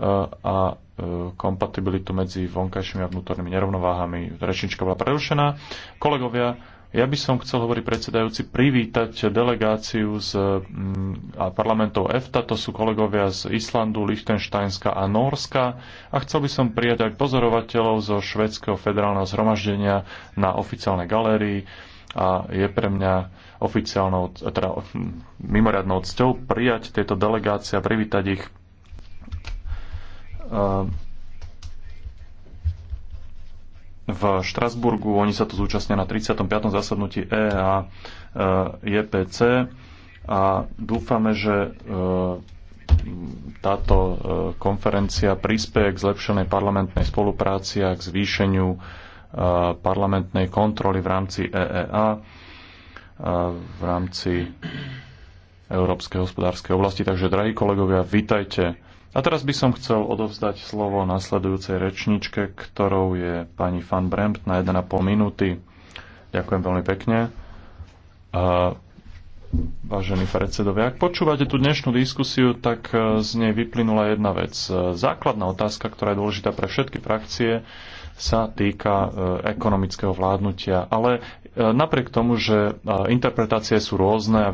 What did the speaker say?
a e, kompatibilitu medzi vonkajšími a vnútornými nerovnováhami. Rečnička bola prerušená. Kolegovia, ja by som chcel, hovorí predsedajúci, privítať delegáciu z mm, a parlamentov EFTA, to sú kolegovia z Islandu, Liechtensteinska a Norska a chcel by som prijať aj pozorovateľov zo švedského federálneho zhromaždenia na oficiálnej galérii a je pre mňa oficiálnou, teda mm, mimoriadnou cťou prijať tieto delegácie a privítať ich Ehm, v Štrasburgu. Oni sa tu zúčastnia na 35. zasadnutí E a ehm, JPC a dúfame, že ehm, táto konferencia prispieje k zlepšenej parlamentnej spolupráci a k zvýšeniu parlamentnej kontroly v rámci EEA, v rámci Európskej hospodárskej oblasti. Takže, drahí kolegovia, vítajte a teraz by som chcel odovzdať slovo nasledujúcej rečničke, ktorou je pani Fan Bremt na 1,5 minúty. Ďakujem veľmi pekne. A vážení predsedovia, ak počúvate tú dnešnú diskusiu, tak e, z nej vyplynula jedna vec. E, základná otázka, ktorá je dôležitá pre všetky frakcie, sa týka e, ekonomického vládnutia. Ale napriek tomu, že interpretácie sú rôzne